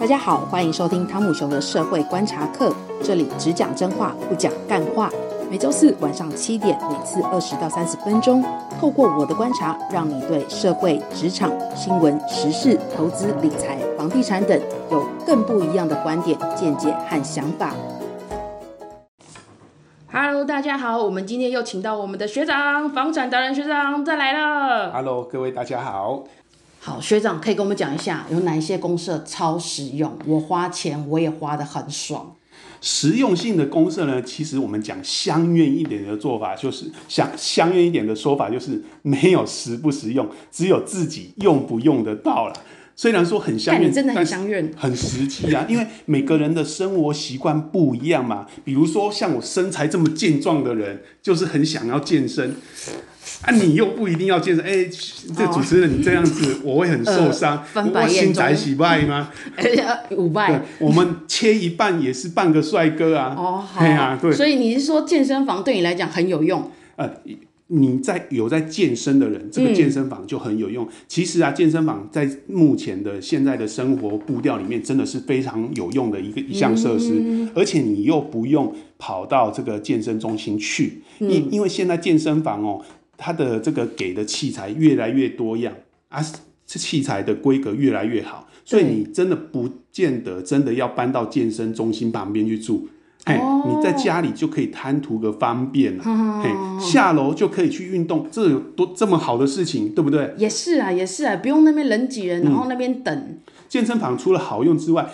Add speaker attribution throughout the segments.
Speaker 1: 大家好，歡迎收聽湯姆熊的社會觀察課。這裡只講真話，不講幹話。每周四晚上七點，每次二十到三十分鐘，透過我的觀察，讓你對社會、職場、新聞、時事、投資、理財、房地產等有更不一樣的觀點、見解和想法。Hello，大家好，我們今天又請到我們的學長——房產達人學長，再來了。Hello，各位大家好。好，學長可以跟我們講一下，有哪一些公設超實用？我花錢我也花得很爽。
Speaker 2: 實用性的公設呢，其實我們講鄉愿一點的做法，就是想鄉愿一點的說法，就是沒有實不實用，只有自己用不用得到了。雖然說很鄉願，真的很鄉願，但很實際啊，因為每個人的生活習慣不一樣嘛。比如說像我身材這麼健壯的人，就是很想要健身。啊，你又不一定要健身，哎、欸，這個、主持人、哦、你這樣子，我會很受傷、呃，我身材喜不嗎？嗯呃、
Speaker 1: 五倍，我
Speaker 2: 們切一半也是半個帥哥啊。哦，好
Speaker 1: 對、啊，對。所以你是說健身房對你來講很有用？呃
Speaker 2: 你在有在健身的人，這個健身房就很有用。嗯、其實啊，健身房在目前的現在的生活步調裡面，真的是非常有用的一個一項設施，嗯。而且你又不用跑到這個健身中心去，因，嗯、因為現在健身房哦，喔，它的這個給的器材越來越多樣，啊，器材的規格越來越好，所以你真的不見得真的要搬到健身中心旁邊去住。
Speaker 1: 哎、哦，你在家裡
Speaker 2: 就可以貪圖個方便了，嗯、嘿，嗯、下樓就可以去運動，這有多這麼好的事情，對不對？
Speaker 1: 也是啊，也是啊，不用那邊人擠人、嗯，然後那邊等。
Speaker 2: 健身房除了好用之外，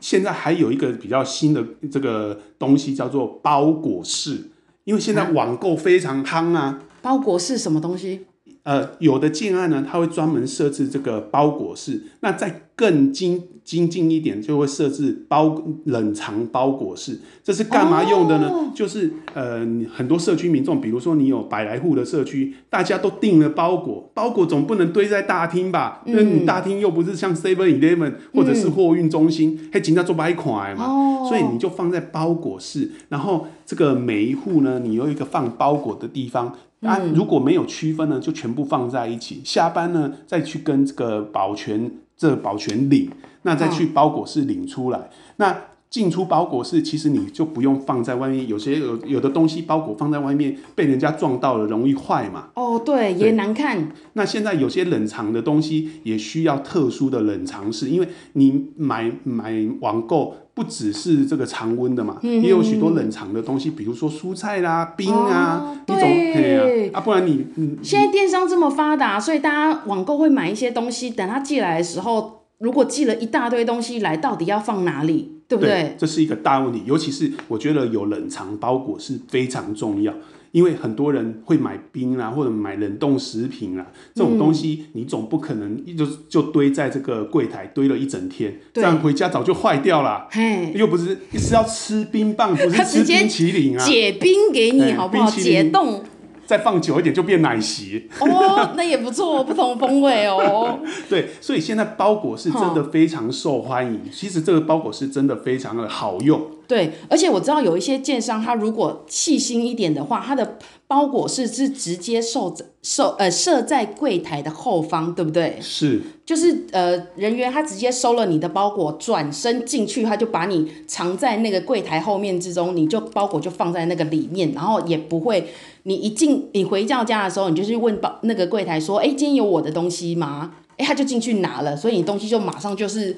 Speaker 2: 現在還有一個比較新的這個東西叫做包裹室，因為現在網購非常夯啊。嗯、包裹室什麼東西？呃，有的建案呢，他會專門設置這個包裹室，那在。更精精進一點，就會設置包冷藏包裹室。這是幹嘛用的呢？哦，就是呃，很多社區民眾，比如說你有百來戶的社區，大家都訂了包裹，包裹總不能堆在大廳吧？那，嗯、你大廳又不是像 Seven Eleven 或者是貨運中心，還經常做百塊嘛，哦？所以你就放在包裹室。然後這個每一戶呢，你有一個放包裹的地方。那，嗯啊、如果沒有區分呢，就全部放在一起。下班呢，再去跟這個保全，這保全領，那再去包裹室領出來。哦。那進出包裹室，其實你就不用放在外面。有些有有的東西包裹放在外面，被人家撞到了，容易壞嘛。
Speaker 1: 哦對，對，也難
Speaker 2: 看。那現在有些冷藏的東西也需要特殊的冷藏室，因為你買買網購。不只是這個常溫的嘛，也有許多冷藏的東西，比如說蔬菜啦、冰啊，那、哦、種，對啊，啊，不然你、嗯……
Speaker 1: 現在電商這麼發達，所以大家網購會買一些東西，等他寄來的時候，如果寄了一大堆東西來，到底要放哪裡，對不對？對，
Speaker 2: 這是一個大問題，尤其是我覺得有冷藏包裹是非常重要。因為很多人會買冰啦、啊，或者買冷凍食品啦、啊，這種東西你總不可能就就堆在這個櫃檯堆了一整天，嗯、這樣回家早就壞掉啦。又不是是要吃冰棒，不是吃冰淇淋啊，解
Speaker 1: 冰給你好不好？解、欸、凍。
Speaker 2: 再放久一點就變奶昔
Speaker 1: 哦，那也不錯， 不同風味哦。
Speaker 2: 對，所以現在包裹是真的非常受歡迎。哦、其實這個包裹是真的非常的好用。
Speaker 1: 對，而且我知道有一些建商，他如果細心一點的話，他的。包裹是是直接收，呃、在收呃設在櫃台的後方，對不對？是，就是呃人員他直接收了你的包裹，轉身進去他就把你藏在那個櫃台後面之中，你就包裹就放在那個裡面，然後也不會你一進你回家家的時候，你就去問包那個櫃台說，誒，今天有我的東西嗎？誒，他就進去拿了，所以你東西就馬上就是。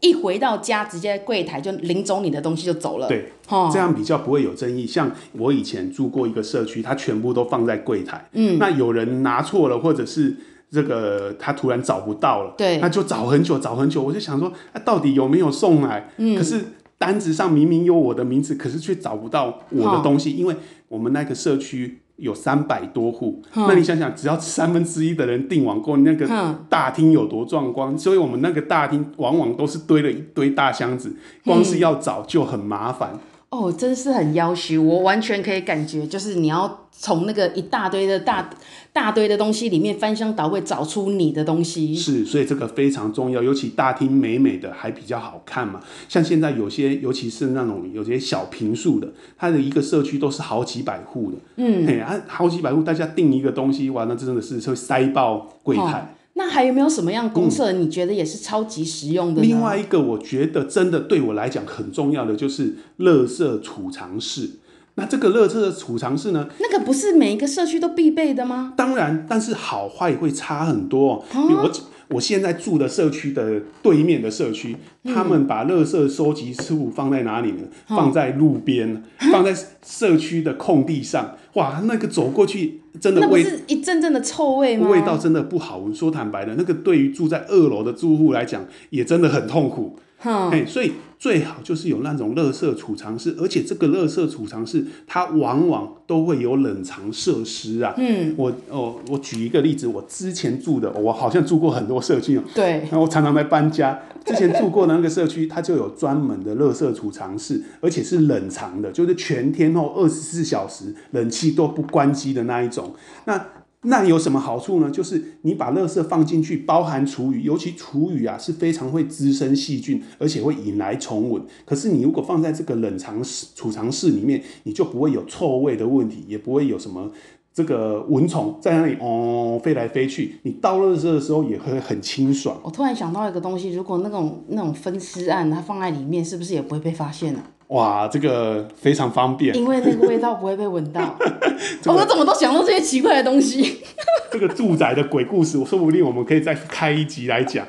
Speaker 1: 一回到家，直接櫃檯就拎走你的東西就走了。對，哦、這樣比
Speaker 2: 較不會有爭議。像我以前住過一個社區，他全部都放在櫃檯。嗯，那有人拿錯了，或者是這個他突然找不到了，對，那就找很久，找很久。我就想說、啊，到底有沒有送來？嗯，可是單子上明明有我的名字，可是卻找不到我的東西，哦、因為我們那個社區。有三百多戶，huh. 那你想想，只要三分之一的人訂網購，那個大廳有多壯觀？Huh. 所以我們那個大廳往往都是堆了一堆大箱子，光是要找就很麻煩。嗯
Speaker 1: 哦，真是很夭壽，我完全可以感覺，就是你要從那個一大堆的大大堆的東西裡面翻箱倒櫃找出你的東西。
Speaker 2: 是，所以這個非常重要，尤其大廳美美的還比較好看嘛。像現在有些，尤其是那種有些小坪數的，它的一個社區都是好幾百戶的，嗯，嘿啊、好幾百戶，大家訂一個東西，哇，那真的是會塞爆櫃檯。哦
Speaker 1: 那還有沒有什麼樣的公設，你覺得也是超級實用的呢？嗯？另外
Speaker 2: 一個，我覺得真的對我來講很重要的就是垃圾儲藏室。那這個垃圾的儲藏室呢，
Speaker 1: 那個不是每一個社區都必備的嗎？
Speaker 2: 當然，但是好壞會差很多。嗯、比如我我現在住的社區的對面的社區、嗯，他們把垃圾收集處放在哪裡呢？嗯、放在路邊、嗯，放在社區的空地上、嗯。哇，那個走過去。真的味，那不是
Speaker 1: 一陣陣的臭味嗎？味道真
Speaker 2: 的不好，說坦白的，那個對於住在二樓的住戶來講，也真的很痛苦。哎、huh.，所以。最好就是有那種垃圾儲藏室，而且這個垃圾儲藏室它往往都會有冷藏設施啊。嗯，我哦，我舉一個例子，我之前住的，我好像住過很多社區哦。對，然後我常常在搬家，之前住過的那個社區，它就有專門的垃圾儲藏室，而且是冷藏的，就是全天候二十四小時冷氣都不關機的那一種。那那有什麼好處呢？就是你把垃圾放進去，包含廚餘，尤其廚餘啊，是非常會滋生細菌，而且會引來蟲蚊。可是你如果放在這個冷藏室、儲藏室裡面，你就不會有臭味的問題，也不會有什麼這個蚊蟲在那裡哦飛來飛去。你倒垃圾的時候也會很清爽。
Speaker 1: 我突然想到一個東西，如果那種那種分屍案，它放在裡面，是不是也不會被發現呢、啊？
Speaker 2: 哇，這個非常方便，因為
Speaker 1: 那個味道不會被聞到。
Speaker 2: 這個哦、我們怎麼都想到這
Speaker 1: 些奇怪的東西？ 這
Speaker 2: 個住宅的鬼故事，我說不定我們可以再開一集來講。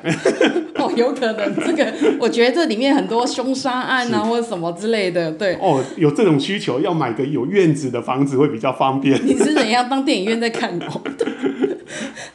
Speaker 2: 哦，有
Speaker 1: 可能這個，我覺得這裡面很多凶殺案啊，或者什麼之類的，對。
Speaker 2: 哦，有這種需求，要買個有院子的房子會比較方便。 你
Speaker 1: 是怎樣當電影院在看過？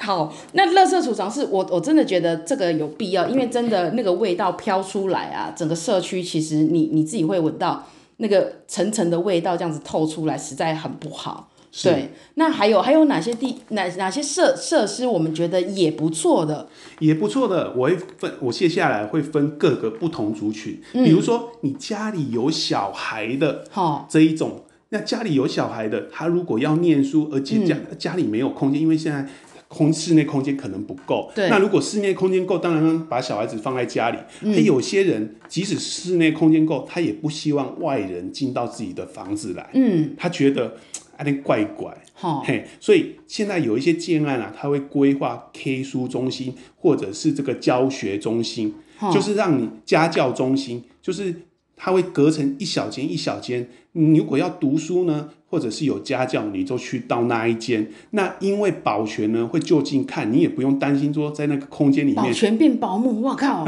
Speaker 1: 好、oh，那垃圾儲藏室，我我真的覺得這個有必要，因為真的那個味道飄出來啊，整個社區其實你你自己會聞到那個層層的味道，這樣子透出來實在很不好。對，那還有還有哪些地哪哪些設設施我們覺得也不錯的，
Speaker 2: 也不錯的。我會分，我接下來會分各個不同族群，嗯、比如說你家裡有小孩的，哈，這一種，oh. 那家裡有小孩的，他如果要念書，而且家，嗯、家裡沒有空間，因為現在。室內空室內空間可能不夠，那如果室內空間夠，當然把小孩子放在家裡。他有些人、嗯、即使室內空間夠，他也不希望外人進到自己的房子來。嗯，他覺得哎，那怪怪、哦。嘿，所以現在有一些建案啊，他會規劃 K 書中心或者是這個教學中心、哦，就是讓你家教中心，就是。它會隔成一小間一小間，你如果要讀書呢，或者是有家教，你就去到那一間。那因為保全呢會就近看，你也不用擔心說在那個空間裡面。保全
Speaker 1: 變保姆，哇靠！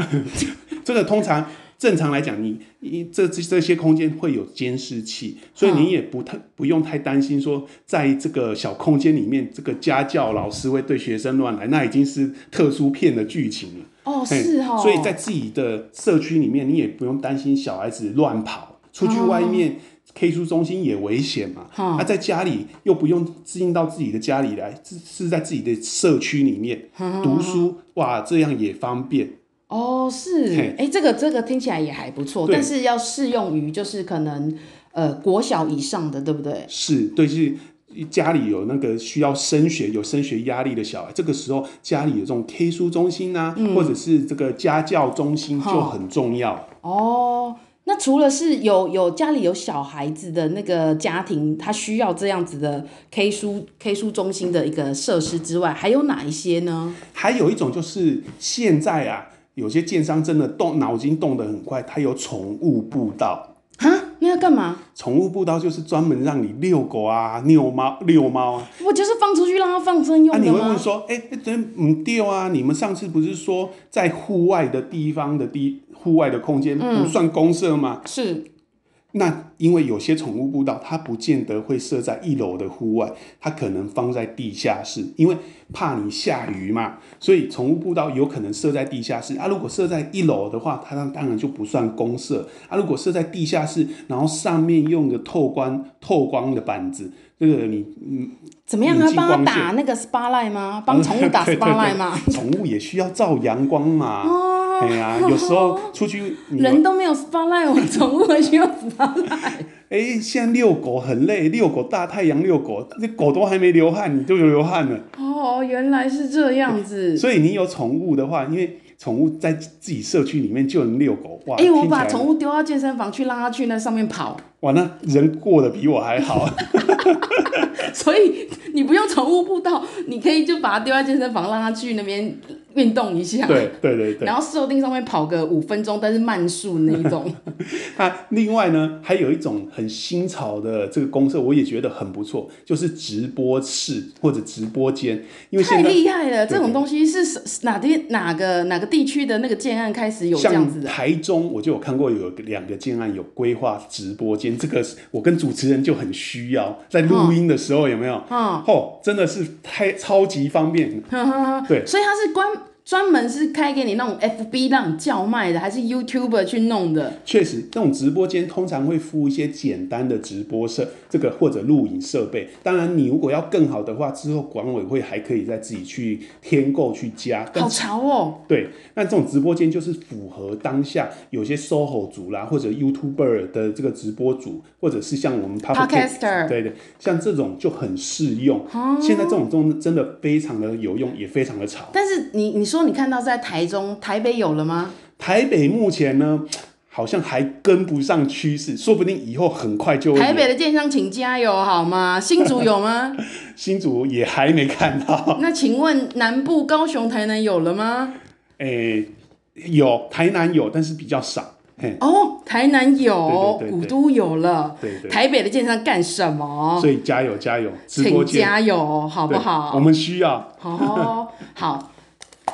Speaker 2: 這 個 通常。 正常來講，你一這這這些空間會有監視器，所以你也不太、嗯、不用太擔心說，在這個小空間裡面，這個家教老師會對學生亂來，那已經是特殊片的劇情
Speaker 1: 了。哦，是哦。所以在
Speaker 2: 自己的社區裡面，你也不用擔心小孩子亂跑出去外面 K 書中心也危險嘛。嗯嗯、啊，在家裡又不用進到到自己的家裡來，是是在自己的社區裡面、嗯嗯嗯、讀書，哇，這樣也方便。
Speaker 1: 哦，是，哎、欸，這個這個聽起來也還不錯，但是要適用於就是可能呃國小以上的，對不對？
Speaker 2: 是對，是家裡有那個需要升學、有升學壓力的小孩，這個時候家裡有這種 K 書中心啊、嗯、或者是這個家教中心就很重要。
Speaker 1: 哦，那除了是有有家裡有小孩子的那個家庭，他需要這樣子的 K 書 K 書中心的一個設施之外，還有哪一些呢？還有一種就是現在啊。有些建商真的動
Speaker 2: 腦筋動得很快，他有寵物步道。啊，那要幹嘛？寵物步道就是專門讓你遛狗啊、遛貓、遛貓啊。
Speaker 1: 我就是放出去讓它放生用的。啊、你會問，問
Speaker 2: 說，哎、欸，真、欸、不對啊？你們上次不是說在戶外的地方的地，戶外的空間不算公設嗎、嗯？是。那因為有些寵物步道，它不見得會設在一樓的戶外，它可能放在地下室，因為怕你下雨嘛。所以寵物步道有可能設在地下室。啊，如果設在一樓的話，它當然就不算公設。啊，如果設在地下室，然後上面用的透光透光的板子，這、那個你嗯怎麼樣啊？幫他打那
Speaker 1: 個 SPA line 嗎？幫寵物打 SPA line 嗎？寵、
Speaker 2: 啊、物也需要照陽光嘛。 對呀、啊，有時候出去，人
Speaker 1: 都沒有 spotlight，我寵物還需要 spotlight。
Speaker 2: 哎、 欸，現在遛狗很累，遛狗大太陽，遛狗那狗都還沒流汗，你就有流汗
Speaker 1: 了。哦，原來是這樣子。所以
Speaker 2: 你有寵物的話，因為寵物在自己社區裡面就能遛狗。哎、欸，我把寵物
Speaker 1: 丟到健身房去，讓它去那上面跑。
Speaker 2: 哇，那人過得比我還好。
Speaker 1: 所以你不用寵物步道，你可以就把它丟在健身房，讓它去那邊運動一下，
Speaker 2: 對對對對，然後
Speaker 1: 設定上面跑個五分鐘，但是慢速那一種。
Speaker 2: 那、 啊、另外呢，還有一種很新潮的這個公設，我也覺得很不錯，就是直播室或者直播間、那個。太厲害了對對對！這種東
Speaker 1: 西是哪天哪個哪個地區的那個建案開始有這樣
Speaker 2: 子的？台中我就有看過，有兩個建案有規劃直播間。這個我跟主持人就很需要，在錄音的時候有沒有？哦，哦真的是太超級方便。呵呵
Speaker 1: 呵對，所以它是關。專門是開給你那種 FB 那種叫賣的，還是 YouTuber 去弄的？
Speaker 2: 確實，這種直播間通常會附一些簡單的直播設這個或者錄影設備。當然，你如果要更好的話，之後管委會還可以再自己去添購去加。好潮哦！對，那這種直播間就是符合當下有些 SOHO 族啦，或者 YouTuber 的這個直播組，或者是像我們 Podcast, Podcaster，對，對對，像這種就很適用。Huh? 現在這種真的非常的有用，也非常的潮。
Speaker 1: 但是你你。說你看到在台中、台北有了嗎？
Speaker 2: 台北目前呢，好像還跟不上趨勢，說不定以後很快就會台北的建
Speaker 1: 商，請加油好嗎？新竹有嗎？
Speaker 2: 新竹也還沒看到。 那
Speaker 1: 請問南部高雄、台南有了嗎？
Speaker 2: 哎、欸，有，台南有，但是比較少。嘿
Speaker 1: 哦，台南有，對對對對對，古都有了。對，對，對台北的建商幹什麼？所以
Speaker 2: 加油加油，請加
Speaker 1: 油好不好？我們需要。好、哦、好。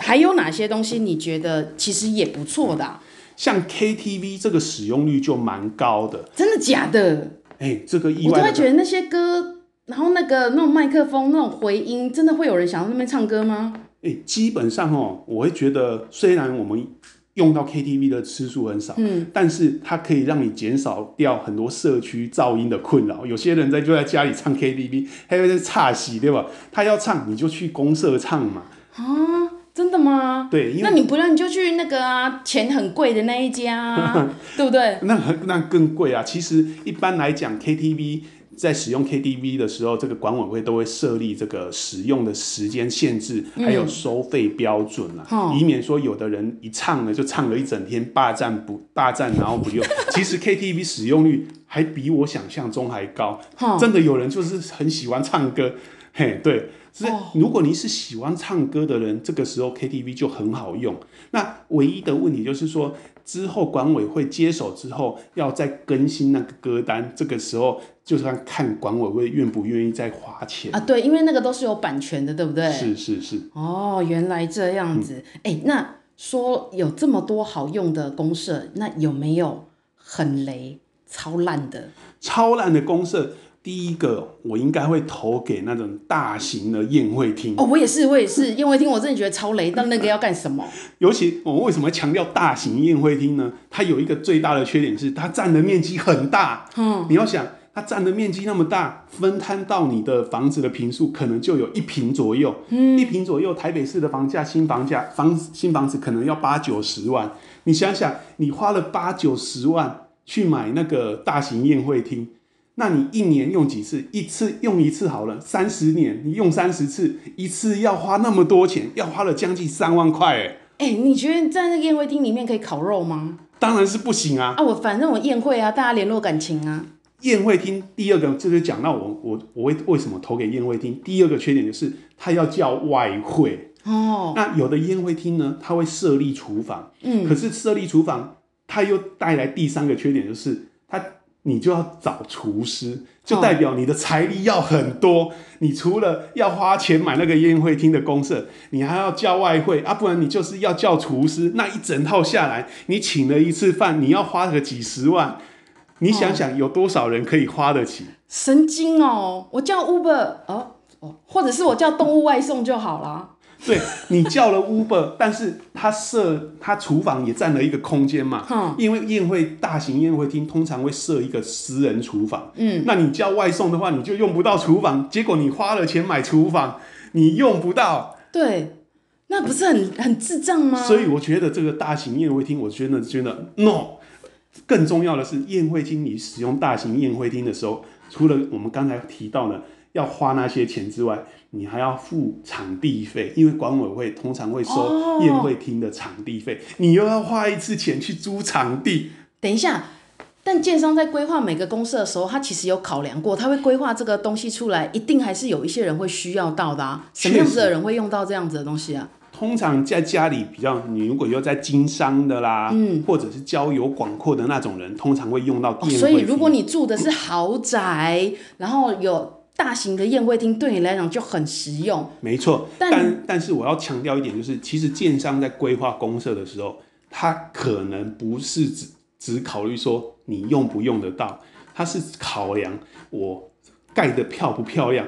Speaker 1: 還有哪些東西你覺得其實也不錯的、啊嗯？
Speaker 2: 像 KTV 這個使用率就蠻高的。真的假的？哎、欸，這個意外。我就會覺得那
Speaker 1: 些歌，然後那個那種麥克風那種回音，真的會有人想到那邊唱歌嗎？
Speaker 2: 哎、欸，基本上哦、喔，我會覺得雖然我們用到 KTV 的次數很少，嗯，但是它可以讓你減少掉很多社區噪音的困擾。有些人在就在家裡唱 KTV，還有在差戲對吧？他要唱你就去公設唱嘛。
Speaker 1: 啊真的嗎？
Speaker 2: 對，因為，那你不
Speaker 1: 讓你就去那個啊，錢很貴的那一家、啊， 對不對？
Speaker 2: 那那更貴啊！其實一般來講，KTV 在使用 KTV 的時候，這個管委會都會設立這個使用的時間限制，還有收費標準啊，嗯、以免說有的人一唱呢就唱了一整天霸，霸佔不霸佔然後不用。 其實 KTV 使用率還比我想象中還高，嗯、真的有人就是很喜歡唱歌。嘿，對，是如果你是喜歡唱歌的人，哦，這個時候 KTV 就很好用。那唯一的問題就是說，之後管委會接手之後，要再更新那個歌單，這個時候就算看管委會願不願意再花錢。啊，對，
Speaker 1: 因為那個都是有版權的，對不對？是是是。哦，原來這樣子。哎、嗯，欸，那說有這麼多好用的公設，那有沒有很雷、超爛的？
Speaker 2: 超爛的公設。第一個，我應該會投給那種大型的宴會廳。哦，我也
Speaker 1: 是，我也是宴會廳，我真的覺得超雷。那 那個要幹什麼？
Speaker 2: 尤其、哦、我為什麼強調大型宴會廳呢？它有一個最大的缺點是，它佔的面積很大。
Speaker 1: 嗯，你要
Speaker 2: 想，它佔的面積那麼大，分攤到你的房子的坪數，可能就有一坪左右。嗯，一坪左右，台北市的房價，新房價，房子新房子可能要八九十萬。你想想，你花了八九十萬去買那個大型宴會廳。那你一年用幾次？一次用一次好了。三十年你用三十次，一次要花那麼多錢，要花了將近三萬塊哎。
Speaker 1: 欸，你覺得在那個宴會廳裡面可以烤肉嗎？
Speaker 2: 當然是不行啊。啊，
Speaker 1: 我反正我宴會啊，大家聯絡感情啊。
Speaker 2: 宴會廳第二個就是講到我我我為什麼投給宴會廳？第二個缺點就是它要叫外燴哦。那有的宴會廳呢，它會設立廚房，嗯，可是設立廚房，它又帶來第三個缺點就是。你就要找廚師，就代表你的財力要很多。哦、你除了要花錢買那個宴會廳的公設，你還要叫外燴啊，不然你就是要叫廚師那一整套下來，你請了一次飯，你要花個幾十萬。哦、你想想，有多少人可以花得起？
Speaker 1: 神經哦，我叫 Uber 啊，哦，或者是我叫動物外送就好了。
Speaker 2: 對，你叫了 Uber，但是它設它廚房也佔了一個空間嘛。嗯。因為宴會大型宴會廳通常會設一個私人廚房。嗯。那你叫外送的話，你就用不到廚房，結果你花了錢買廚房，你用不到。
Speaker 1: 對，那不是很很智障嗎？所以
Speaker 2: 我覺得這個大型宴會廳，我真的覺得 no。更重要的是，宴會廳，你使用大型宴會廳的時候，除了我們剛才提到的要花那些錢之外。你還要付場地費，因為管委會通常會收宴會廳的場地費。哦，你又要花一次錢去租場地。
Speaker 1: 等一下，但建商在規劃每個公設的時候，他其實有考量過，他會規劃這個東西出來，一定還是有一些人會需要到的啊。什麼樣子的人會用到這樣子的東西啊？通常
Speaker 2: 在家裡比較，你如果又在經商的啦，嗯，或者是交友廣闊的那種人，通常會用到宴會廳。哦。所以，如
Speaker 1: 果你住的是豪宅，嗯、然後有。大型的宴會廳對你來講就很實用，
Speaker 2: 沒錯。但但，但是我要強調一點，就是其實建商在規劃公設的時候，他可能不是只只考慮說你用不用得到，他是考量我蓋得漂不漂亮，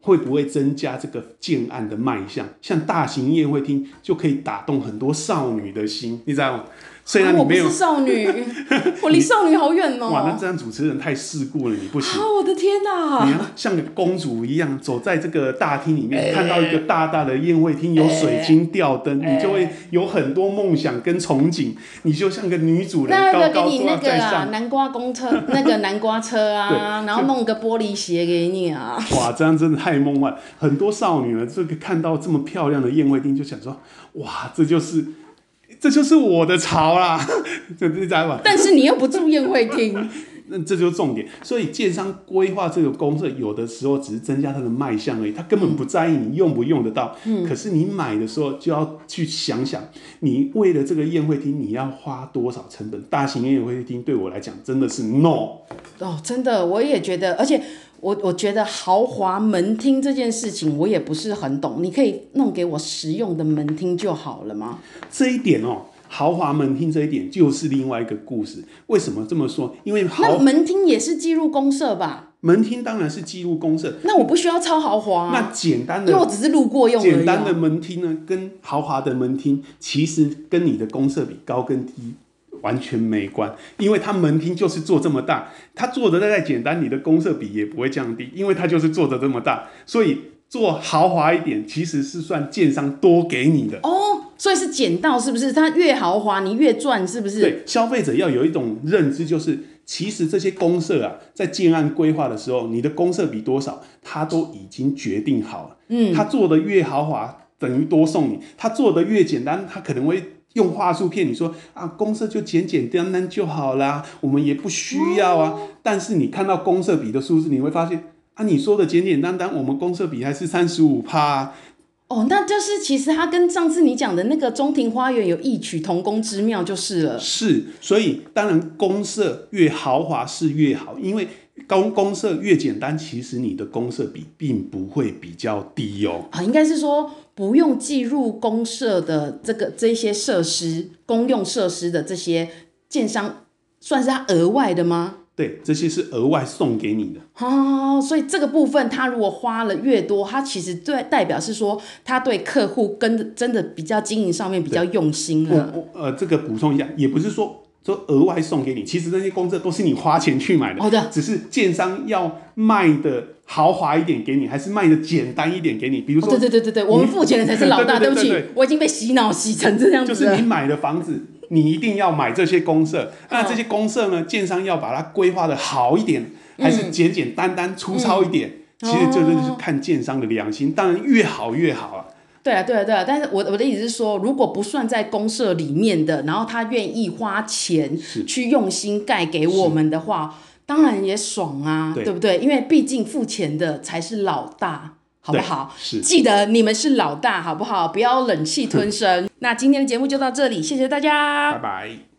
Speaker 2: 會不會增加這個建案的賣相。像大型宴會廳就可以打動很多少女的心，你知道嗎？雖然、啊、我不是少
Speaker 1: 女， 我離少女好遠哦、喔。哇，那
Speaker 2: 這樣主持人太世故了，你不行。
Speaker 1: 啊、我的天哪、啊！你要
Speaker 2: 像公主一樣走在這個大廳裡面、欸，看到一個大大的宴會廳，有水晶吊燈、欸，你就會有很多夢想跟憧憬、欸，你就像個女主人高高高高在上。那個給你那個啊，
Speaker 1: 南瓜公車 那個南瓜車啊，然後弄個玻璃鞋給你啊。
Speaker 2: 哇，這樣真的太夢幻，很多少女呢，這個看到這麼漂亮的宴會廳，就想說，哇，這就是。這就是我的潮啦，你再問。但是你
Speaker 1: 又不住宴會廳 ，
Speaker 2: 那這就是重點。所以建商規劃這個公設，有的時候只是增加它的賣相而已，他根本不在意你用不用得到。嗯，可是你買的時候就要去想想，你為了這個宴會廳，你要花多少成本？大型宴會廳對我來講真的是 no。
Speaker 1: 哦，真的，我也覺得，而且。我我覺得豪華門廳這件事情，我也不是很懂。你可以弄給我實用的門廳就好了嗎？
Speaker 2: 這一點哦，豪華門廳這一點就是另外一個故事。為什麼這麼說？因為那門
Speaker 1: 廳也是計入公設吧？
Speaker 2: 門廳當然是計入公設。那
Speaker 1: 我不需要超豪華啊。那
Speaker 2: 簡單的，因為我只是路過用。簡單的門廳呢，跟豪華的門廳，其實跟你的公設比高跟低。完全沒關，因為他門廳就是做這麼大，他做的再簡單，你的公設比也不會降低，因為他就是做的這麼大，所以做豪華一點其實是算建商多給你的
Speaker 1: 哦，所以是撿到是不是？他越豪華你越賺是不是？對，
Speaker 2: 消費者要有一種認知，就是其實這些公設啊，在建案規劃的時候，你的公設比多少，他都已經決定好了。嗯，他做的越豪華，等於多送你；他做的越簡單，他可能會。用話術騙你說啊，公設就簡簡單單就好啦。我們也不需要啊。但是你看到公設比的數字，你會發現啊，你說的簡簡單單，我們公設比還是三十五趴
Speaker 1: 哦，那就是其實它跟上次你講的那個中庭花園有異曲同工之妙，就是了。是，
Speaker 2: 所以當然公設越豪華是越好，因為。公公社越
Speaker 1: 簡單，其實你的公社比
Speaker 2: 並不會比較低哦。
Speaker 1: 啊，應該是說不用計入公社的這個這些設施、公用設施的這些建商，算是他額外的嗎？
Speaker 2: 對，這些是額外送給你的。
Speaker 1: 哦，所以這個部分他如果花了越多，他其實對代表是說他對客戶跟真的比較經營上面比較用心了。哦哦、
Speaker 2: 呃，這個補充一下，也不是說。說額外送給你，其實那些公設都是你花錢去買的，哦，只是建商要賣的豪華一點給你，還是賣的簡單一點給你。比如說、哦，對對
Speaker 1: 對對對，我們付錢的才是老大。嗯對對對對對對，對不起，我已經被洗腦洗成這樣。就是你
Speaker 2: 買的房子，你一定要買這些公設。嗯。那這些公設呢，建商要把它規劃的好一點，還是簡簡單單粗糙一點？嗯嗯，其實這就是看建商的良心，當然越好越好啊。
Speaker 1: 對啊，對啊，對啊，但是我我的意思是說，如果不算在公設裡面的，然後他願意花錢去用心蓋給我們的話，當然也爽啊對，對不對？因為畢竟付錢的才是老大，好不好？是記得你們是老大，好不好？不要忍氣吞聲。 那今天的節目就到這裡，謝謝大家，拜拜。